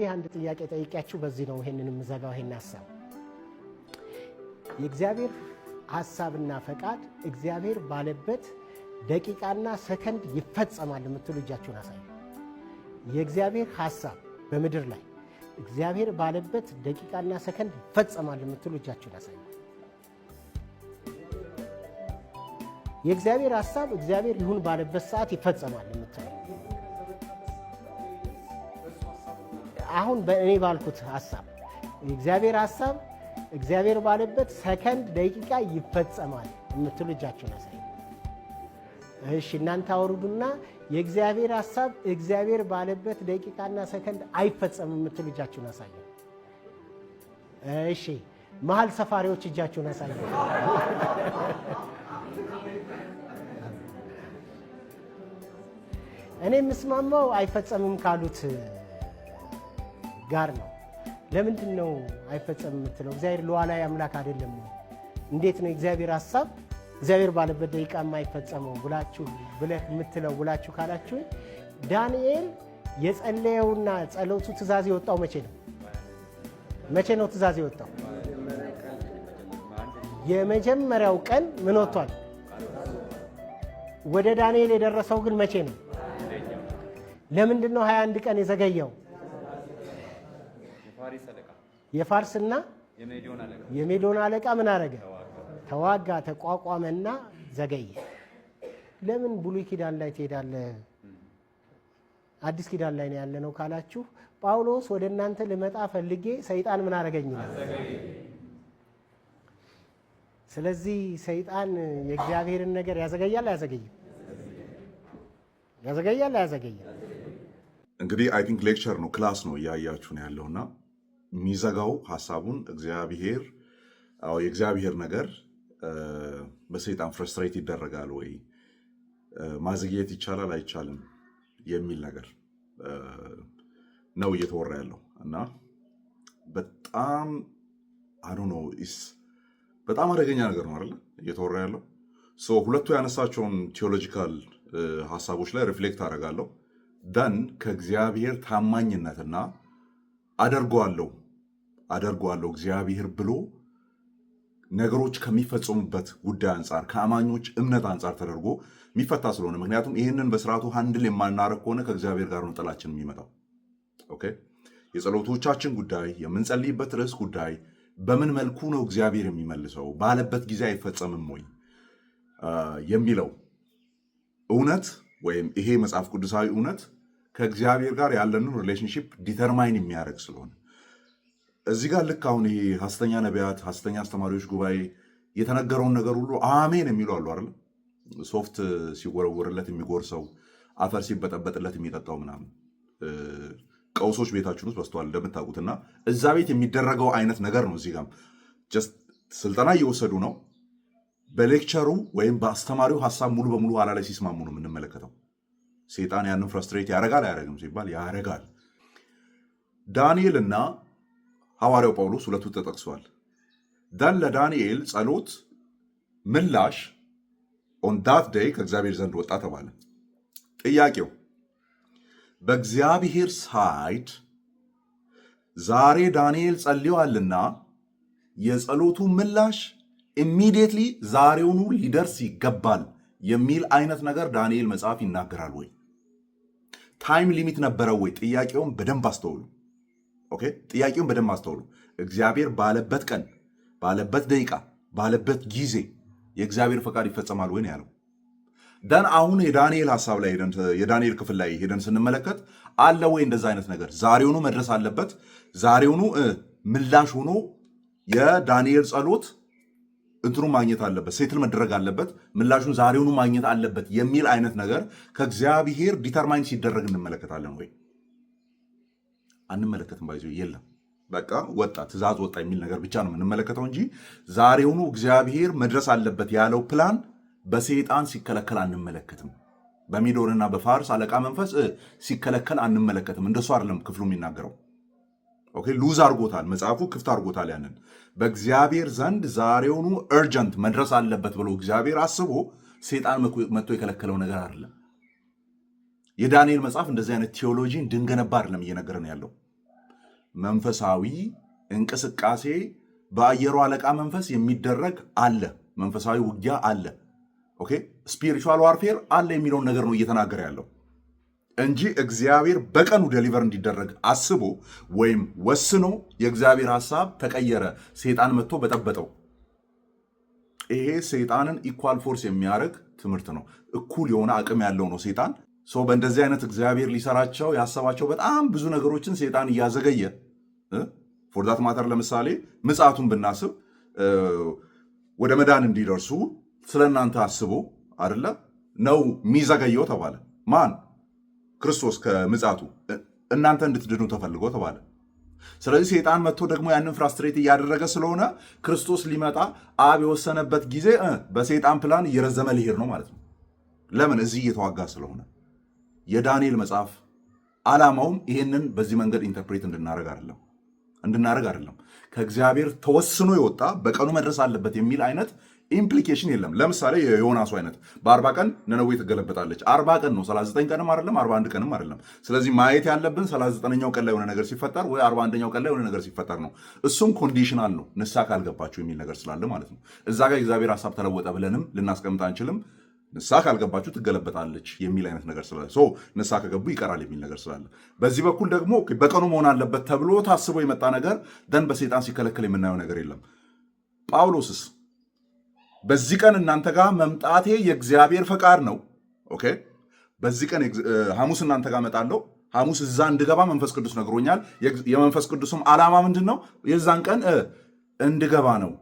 ይህ አንድ ጥያቄ ጠይቂያችሁ በዚህ ነው ይሄንን የምዘጋው። ይሄን ሀሳብ የእግዚአብሔር ሀሳብና ፈቃድ እግዚአብሔር ባለበት ደቂቃና ሰከንድ ይፈጸማል የምትሉ እጃችሁን አሳዩ። የእግዚአብሔር ሀሳብ በምድር ላይ እግዚአብሔር ባለበት ደቂቃና ሰከንድ ይፈጸማል የምትሉ እጃችሁን አሳዩ። የእግዚአብሔር ሀሳብ እግዚአብሔር ይሁን ባለበት ሰዓት ይፈጸማል አሁን በእኔ ባልኩት ሀሳብ የእግዚአብሔር ሀሳብ እግዚአብሔር ባለበት ሰከንድ ደቂቃ ይፈጸማል የምትሉ እጃችሁን አሳዩ። እሺ፣ እናንተ አውርዱና የእግዚአብሔር ሀሳብ እግዚአብሔር ባለበት ደቂቃና ሰከንድ አይፈጸም የምትሉ እጃችሁን አሳዩ። እሺ፣ መሀል ሰፋሪዎች እጃችሁን አሳዩ። እኔ የምስማማው አይፈጸምም ካሉት ጋር ነው። ለምንድን ነው አይፈጸም የምትለው? እግዚአብሔር ሉዓላዊ አምላክ አይደለም? እንዴት ነው እግዚአብሔር ሀሳብ እግዚአብሔር ባለበት ደቂቃ የማይፈጸመው ብላችሁ ብለህ የምትለው ብላችሁ ካላችሁ ዳንኤል የጸለየውና ጸሎቱ ትእዛዝ የወጣው መቼ ነው? መቼ ነው ትእዛዝ የወጣው? የመጀመሪያው ቀን ምን ወጥቷል? ወደ ዳንኤል የደረሰው ግን መቼ ነው? ለምንድን ነው 21 ቀን የዘገየው? የፋርስና የሜዶን አለቃ ምን አረገ? ተዋጋ፣ ተቋቋመና ዘገየ። ለምን ብሉይ ኪዳን ላይ ትሄዳለህ? አዲስ ኪዳን ላይ ነው ያለ ነው ካላችሁ፣ ጳውሎስ ወደ እናንተ ልመጣ ፈልጌ ሰይጣን ምን አረገኝ? ስለዚህ ሰይጣን የእግዚአብሔርን ነገር ያዘገያል አያዘገይም? ያዘገያል አያዘገይም? እንግዲህ አይ ቲንክ ሌክቸር ነው ክላስ ነው እያያችሁ ነው ያለውና የሚዘጋው ሀሳቡን እግዚአብሔር የእግዚአብሔር ነገር በሰይጣን ፍረስትሬት ይደረጋል ወይ ማዘግየት ይቻላል አይቻልም የሚል ነገር ነው እየተወራ ያለው እና በጣም አዶ ነው ስ በጣም አደገኛ ነገር ነው አይደለ እየተወራ ያለው ሁለቱ ያነሳቸውን ቴዎሎጂካል ሀሳቦች ላይ ሪፍሌክት አደርጋለሁ ደን ከእግዚአብሔር ታማኝነትና አደርገዋለሁ አደርገዋለሁ እግዚአብሔር ብሎ ነገሮች ከሚፈጸሙበት ጉዳይ አንጻር ከአማኞች እምነት አንጻር ተደርጎ የሚፈታ ስለሆነ ምክንያቱም ይህንን በስርዓቱ ሀንድል የማናረግ ከሆነ ከእግዚአብሔር ጋር ነው ጥላችን የሚመጣው። ኦኬ የጸሎቶቻችን ጉዳይ፣ የምንጸልይበት ርዕስ ጉዳይ በምን መልኩ ነው እግዚአብሔር የሚመልሰው ባለበት ጊዜ አይፈጸምም ወይ የሚለው እውነት ወይም ይሄ መጽሐፍ ቅዱሳዊ እውነት ከእግዚአብሔር ጋር ያለንን ሪሌሽንሽፕ ዲተርማይን የሚያደርግ ስለሆነ እዚህ ጋር ልክ አሁን ይሄ ሐሰተኛ ነቢያት፣ ሐሰተኛ አስተማሪዎች ጉባኤ የተነገረውን ነገር ሁሉ አሜን የሚሉ አሉ አይደለም። ሶፍት ሲወረወርለት የሚጎርሰው አፈር ሲበጠበጥለት የሚጠጣው ምናምን ቀውሶች ቤታችን ውስጥ በስተዋል እንደምታውቁትና እዛ ቤት የሚደረገው አይነት ነገር ነው። እዚህ ጋም ስልጠና እየወሰዱ ነው። በሌክቸሩ ወይም በአስተማሪው ሀሳብ ሙሉ በሙሉ ኋላ ላይ ሲስማሙ ነው የምንመለከተው። ሴጣን ያንን ፍረስትሬት ያደርጋል አያደርግም ሲባል ያደርጋል። ዳንኤል እና ሐዋርያው ጳውሎስ ሁለቱ ተጠቅሷል። ዳን ለዳንኤል ጸሎት ምላሽ ኦን ዳት ደይ ከእግዚአብሔር ዘንድ ወጣ ተባለ። ጥያቄው በእግዚአብሔር ሳይድ ዛሬ ዳንኤል ጸልዮአልና የጸሎቱ ምላሽ ኢሚዲየትሊ ዛሬውኑ ሊደርስ ይገባል የሚል አይነት ነገር ዳንኤል መጽሐፍ ይናገራል ወይ? ታይም ሊሚት ነበረው ወይ? ጥያቄውን በደንብ አስተውሉ። ኦኬ፣ ጥያቄውን በደንብ አስተውሉ። እግዚአብሔር ባለበት ቀን፣ ባለበት ደቂቃ፣ ባለበት ጊዜ የእግዚአብሔር ፈቃድ ይፈጸማል ወይ ነው ያለው። ደን አሁን የዳንኤል ሀሳብ ላይ የዳንኤል ክፍል ላይ ሄደን ስንመለከት አለ ወይ እንደዛ አይነት ነገር? ዛሬውኑ መድረስ አለበት። ዛሬውኑ ምላሽ ሆኖ የዳንኤል ጸሎት እንትኑ ማግኘት አለበት፣ ሴትል መደረግ አለበት፣ ምላሹን ዛሬውኑ ማግኘት አለበት የሚል አይነት ነገር ከእግዚአብሔር ዲተርማይን ሲደረግ እንመለከታለን ወይ አንመለከትም? ባይዞ የለም በቃ ወጣ ትእዛዝ ወጣ የሚል ነገር ብቻ ነው የምንመለከተው እንጂ ዛሬውኑ እግዚአብሔር መድረስ አለበት ያለው ፕላን በሰይጣን ሲከለከል አንመለከትም። በሚዶንና በፋርስ አለቃ መንፈስ ሲከለከል አንመለከትም። እንደሱ አይደለም ክፍሉ የሚናገረው። ኦኬ ሉዝ አርጎታል መጽሐፉ ክፍት አርጎታል ያንን በእግዚአብሔር ዘንድ ዛሬውኑ እርጀንት መድረስ አለበት ብሎ እግዚአብሔር አስቦ ሴጣን መጥቶ የከለከለው ነገር አይደለም። የዳንኤል መጽሐፍ እንደዚህ አይነት ቴዎሎጂ እንድንገነባ አይደለም እየነገረን ያለው። መንፈሳዊ እንቅስቃሴ በአየሩ አለቃ መንፈስ የሚደረግ አለ። መንፈሳዊ ውጊያ አለ። ኦኬ ስፒሪቹዋል ዋርፌር አለ የሚለውን ነገር ነው እየተናገረ ያለው። እንጂ እግዚአብሔር በቀኑ ደሊቨር እንዲደረግ አስቦ ወይም ወስኖ የእግዚአብሔር ሀሳብ ተቀየረ፣ ሰይጣን መጥቶ በጠበጠው። ይሄ ሰይጣንን ኢኳል ፎርስ የሚያደርግ ትምህርት ነው። እኩል የሆነ አቅም ያለው ነው ሰይጣን። ሰው በእንደዚህ አይነት እግዚአብሔር ሊሰራቸው ያሰባቸው በጣም ብዙ ነገሮችን ሰይጣን እያዘገየ ፎርዳት ማተር ለምሳሌ ምጽአቱን ብናስብ ወደ መዳን እንዲደርሱ ስለእናንተ አስቦ አይደለም ነው የሚዘገየው ተባለ ማን ክርስቶስ ከምጻቱ እናንተ እንድትድኑ ተፈልጎ ተባለ። ስለዚህ ሰይጣን መጥቶ ደግሞ ያንን ፍራስትሬት እያደረገ ስለሆነ ክርስቶስ ሊመጣ አብ የወሰነበት ጊዜ በሰይጣን ፕላን እየረዘመ ሊሄድ ነው ማለት ነው። ለምን? እዚህ እየተዋጋ ስለሆነ። የዳንኤል መጽሐፍ ዓላማውም ይሄንን በዚህ መንገድ ኢንተርፕሬት እንድናደረግ አይደለም እንድናደረግ አይደለም ከእግዚአብሔር ተወስኖ የወጣ በቀኑ መድረስ አለበት የሚል አይነት ኢምፕሊኬሽን የለም። ለምሳሌ የዮናሱ አይነት በአርባ ቀን ነነዌ ትገለበጣለች። አርባ ቀን ነው፣ ዘጠኝ ቀንም አይደለም፣ አርባ አንድ ቀንም አይደለም። ስለዚህ ማየት ያለብን 39ኛው ቀን ላይ የሆነ ነገር ሲፈጠር ወይ አርባ አንደኛው ቀን ላይ የሆነ ነገር ሲፈጠር ነው። እሱም ኮንዲሽናል ነው፣ ንሳ ካልገባችሁ የሚል ነገር ስላለ ማለት ነው። እዛ ጋር እግዚአብሔር ሀሳብ ተለወጠ ብለንም ልናስቀምጥ አንችልም። ንሳ ካልገባችሁ ትገለበጣለች የሚል አይነት ነገር ስላለ ሰው ከገቡ ይቀራል የሚል ነገር ስላለ፣ በዚህ በኩል ደግሞ በቀኑ መሆን አለበት ተብሎ ታስቦ የመጣ ነገር ደን በሰይጣን ሲከለከል የምናየው ነገር የለም። ጳውሎስስ በዚህ ቀን እናንተ ጋር መምጣቴ የእግዚአብሔር ፈቃድ ነው። ኦኬ በዚህ ቀን ሐሙስ እናንተ ጋር እመጣለሁ። ሐሙስ እዛ እንድገባ መንፈስ ቅዱስ ነግሮኛል። የመንፈስ ቅዱስም ዓላማ ምንድን ነው? የዛን ቀን እንድገባ ነው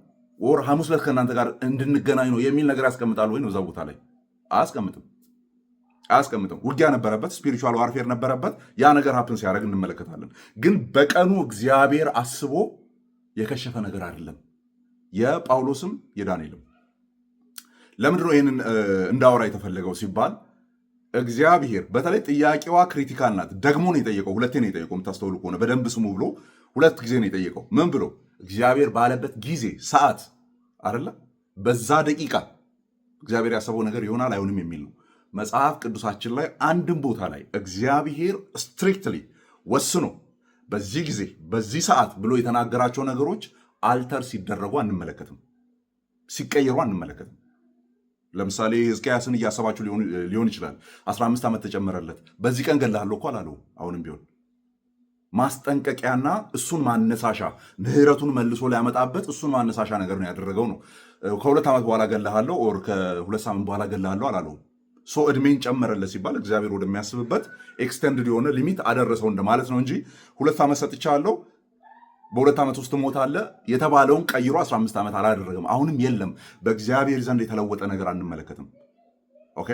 ወር ሐሙስ ዕለት ከእናንተ ጋር እንድንገናኝ ነው የሚል ነገር ያስቀምጣል ወይ ነው? እዛ ቦታ ላይ አያስቀምጥም። አያስቀምጥም። ውጊያ ነበረበት፣ ስፒሪቹዋል ዋርፌር ነበረበት። ያ ነገር ሀፕን ሲያደርግ እንመለከታለን። ግን በቀኑ እግዚአብሔር አስቦ የከሸፈ ነገር አይደለም፣ የጳውሎስም የዳንኤልም ለምንድነው ይህንን እንዳወራ የተፈለገው ሲባል እግዚአብሔር በተለይ ጥያቄዋ ክሪቲካል ናት። ደግሞ ነው የጠየቀው፣ ሁለቴ ነው የጠየቀው። የምታስተውሉ ከሆነ በደንብ ስሙ ብሎ ሁለት ጊዜ ነው የጠየቀው። ምን ብሎ እግዚአብሔር ባለበት ጊዜ ሰዓት አይደለ፣ በዛ ደቂቃ እግዚአብሔር ያሰበው ነገር ይሆናል አይሆንም የሚል ነው። መጽሐፍ ቅዱሳችን ላይ አንድም ቦታ ላይ እግዚአብሔር ስትሪክትሊ ወስኖ በዚህ ጊዜ በዚህ ሰዓት ብሎ የተናገራቸው ነገሮች አልተር ሲደረጉ አንመለከትም፣ ሲቀየሩ አንመለከትም። ለምሳሌ ህዝቅያስን እያሰባችሁ ሊሆን ይችላል። 15 ዓመት ተጨመረለት። በዚህ ቀን ገድልሃለሁ እኮ አላለውም። አሁንም ቢሆን ማስጠንቀቂያና እሱን ማነሳሻ ምህረቱን መልሶ ሊያመጣበት እሱን ማነሳሻ ነገር ነው ያደረገው ነው። ከሁለት ዓመት በኋላ ገድልሃለሁ ኦር ከሁለት ሳምንት በኋላ ገድልሃለሁ አላለው። ሶ እድሜን ጨመረለት ሲባል እግዚአብሔር ወደሚያስብበት ኤክስተንድድ የሆነ ሊሚት አደረሰው እንደማለት ነው እንጂ ሁለት ዓመት ሰጥቻለሁ በሁለት ዓመት ውስጥ ትሞታለህ የተባለውን ቀይሮ 15 ዓመት አላደረገም። አሁንም የለም። በእግዚአብሔር ዘንድ የተለወጠ ነገር አንመለከትም። ኦኬ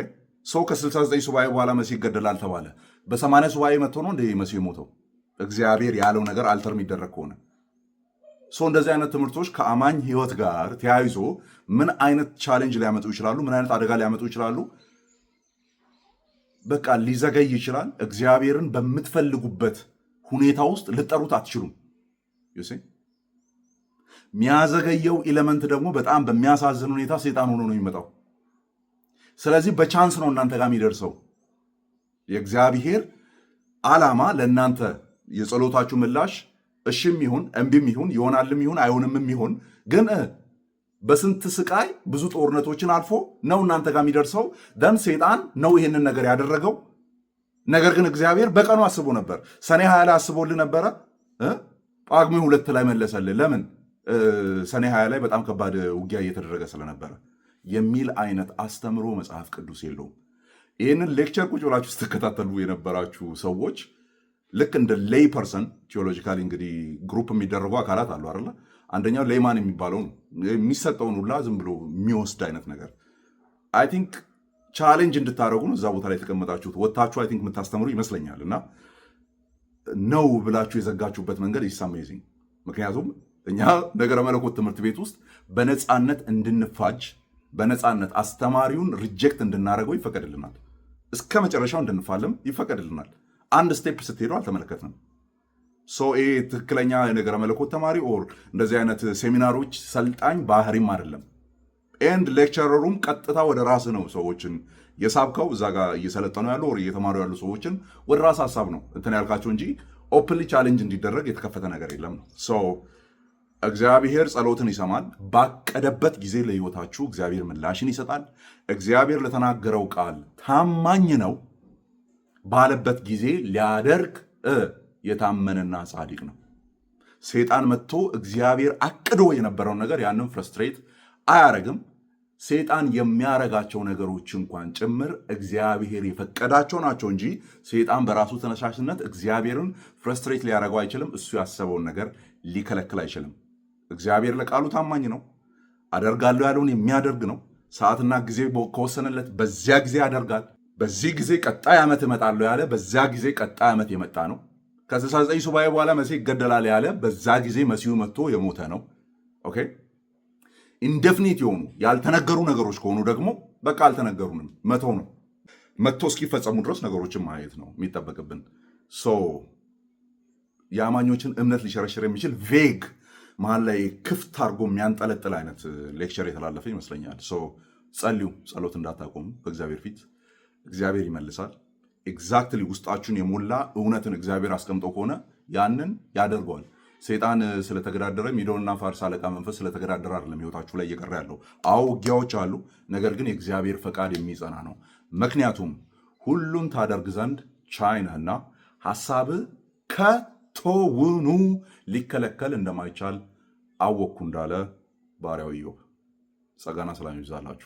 ሰው ከ69 ሱባኤ በኋላ መሲህ ይገደላል ተባለ። በ80 ሱባኤ መጥቶ ነው እንደ መሲህ ሞተው እግዚአብሔር ያለው ነገር አልተር የሚደረግ ከሆነ ሰው እንደዚህ አይነት ትምህርቶች ከአማኝ ህይወት ጋር ተያይዞ ምን አይነት ቻሌንጅ ሊያመጡ ይችላሉ? ምን አይነት አደጋ ሊያመጡ ይችላሉ? በቃ ሊዘገይ ይችላል። እግዚአብሔርን በምትፈልጉበት ሁኔታ ውስጥ ልጠሩት አትችሉም። ዩሴ የሚያዘገየው ኢለመንት ደግሞ በጣም በሚያሳዝን ሁኔታ ሴጣን ሆኖ ነው የሚመጣው። ስለዚህ በቻንስ ነው እናንተ ጋር የሚደርሰው። የእግዚአብሔር ዓላማ ለእናንተ የጸሎታችሁ ምላሽ እሽም ይሁን እምቢም ይሁን ይሆናልም ይሁን አይሆንም ይሁን ግን በስንት ስቃይ ብዙ ጦርነቶችን አልፎ ነው እናንተ ጋር የሚደርሰው። ደን ሴጣን ነው ይህንን ነገር ያደረገው። ነገር ግን እግዚአብሔር በቀኑ አስቦ ነበር። ሰኔ ሀያ ላይ አስቦልህ ነበረ። ጳጉሜ ሁለት ላይ መለሰልን። ለምን ሰኔ ሀያ ላይ በጣም ከባድ ውጊያ እየተደረገ ስለነበረ የሚል አይነት አስተምሮ መጽሐፍ ቅዱስ የለውም። ይህንን ሌክቸር ቁጭ ብላችሁ ስትከታተሉ የነበራችሁ ሰዎች ልክ እንደ ሌይ ፐርሰን ቲዮሎጂካሊ እንግዲህ ግሩፕ የሚደረጉ አካላት አሉ አይደለ? አንደኛው ሌይማን የሚባለው ነው የሚሰጠውን ሁላ ዝም ብሎ የሚወስድ አይነት ነገር አይ ቲንክ ቻሌንጅ እንድታደረጉ ነው እዛ ቦታ ላይ የተቀመጣችሁት። ወታችሁ አይ ቲንክ የምታስተምሩ ይመስለኛል እና ነው ብላችሁ የዘጋችሁበት መንገድ ኢስ ምክንያቱም እኛ ነገረ መለኮት ትምህርት ቤት ውስጥ በነፃነት እንድንፋጅ በነፃነት አስተማሪውን ሪጀክት እንድናደርገው ይፈቀድልናል። እስከ መጨረሻው እንድንፋለም ይፈቀድልናል። አንድ ስቴፕ ስትሄዱ አልተመለከትንም። ሶ ይሄ ትክክለኛ የነገረ መለኮት ተማሪ ኦር እንደዚህ አይነት ሴሚናሮች ሰልጣኝ ባህሪም አይደለም። ኤንድ ሌክቸረሩም ቀጥታ ወደ ራስ ነው ሰዎችን የሳብከው እዛ ጋር እየሰለጠኑ ያሉ ወር እየተማሩ ያሉ ሰዎችን ወደ ራስ ሀሳብ ነው እንትን ያልካቸው እንጂ ኦፕንሊ ቻሌንጅ እንዲደረግ የተከፈተ ነገር የለም ነው ሰው እግዚአብሔር ጸሎትን ይሰማል። ባቀደበት ጊዜ ለህይወታችሁ እግዚአብሔር ምላሽን ይሰጣል። እግዚአብሔር ለተናገረው ቃል ታማኝ ነው ባለበት ጊዜ ሊያደርግ የታመነና ጻድቅ ነው። ሴጣን መጥቶ እግዚአብሔር አቅዶ የነበረውን ነገር ያንን ፍረስትሬት አያረግም። ሰይጣን የሚያረጋቸው ነገሮች እንኳን ጭምር እግዚአብሔር የፈቀዳቸው ናቸው እንጂ ሰይጣን በራሱ ተነሳሽነት እግዚአብሔርን ፍረስትሬት ሊያረገው አይችልም። እሱ ያሰበውን ነገር ሊከለክል አይችልም። እግዚአብሔር ለቃሉ ታማኝ ነው። አደርጋለሁ ያለውን የሚያደርግ ነው። ሰዓትና ጊዜ ከወሰነለት በዚያ ጊዜ ያደርጋል። በዚህ ጊዜ ቀጣይ ዓመት እመጣለሁ ያለ በዚያ ጊዜ ቀጣይ ዓመት የመጣ ነው። ከ69 ሱባኤ በኋላ መሲህ ይገደላል ያለ በዛ ጊዜ መሲሁ መጥቶ የሞተ ነው። ኦኬ ኢንደፍኒት የሆኑ ያልተነገሩ ነገሮች ከሆኑ ደግሞ በቃ አልተነገሩንም መተው ነው። መቶ እስኪፈጸሙ ድረስ ነገሮችን ማየት ነው የሚጠበቅብን። የአማኞችን እምነት ሊሸረሽር የሚችል ቬግ መሀል ላይ ክፍት አድርጎ የሚያንጠለጥል አይነት ሌክቸር የተላለፈ ይመስለኛል። ጸልዩ፣ ጸሎት እንዳታቆሙ በእግዚአብሔር ፊት እግዚአብሔር ይመልሳል። ኤግዛክትሊ ውስጣችሁን የሞላ እውነትን እግዚአብሔር አስቀምጦ ከሆነ ያንን ያደርገዋል። ሰይጣን ስለተገዳደረ ሚዶንና ፋርስ አለቃ መንፈስ ስለተገዳደረ አይደለም ህይወታችሁ ላይ እየቀረ ያለው። አዎ ውጊያዎች አሉ፣ ነገር ግን የእግዚአብሔር ፈቃድ የሚጸና ነው። ምክንያቱም ሁሉን ታደርግ ዘንድ ቻይነህና ሀሳብ ከቶውኑ ሊከለከል እንደማይቻል አወቅኩ እንዳለ ባሪያው ኢዮብ። ጸጋና ሰላም ይብዛላችሁ።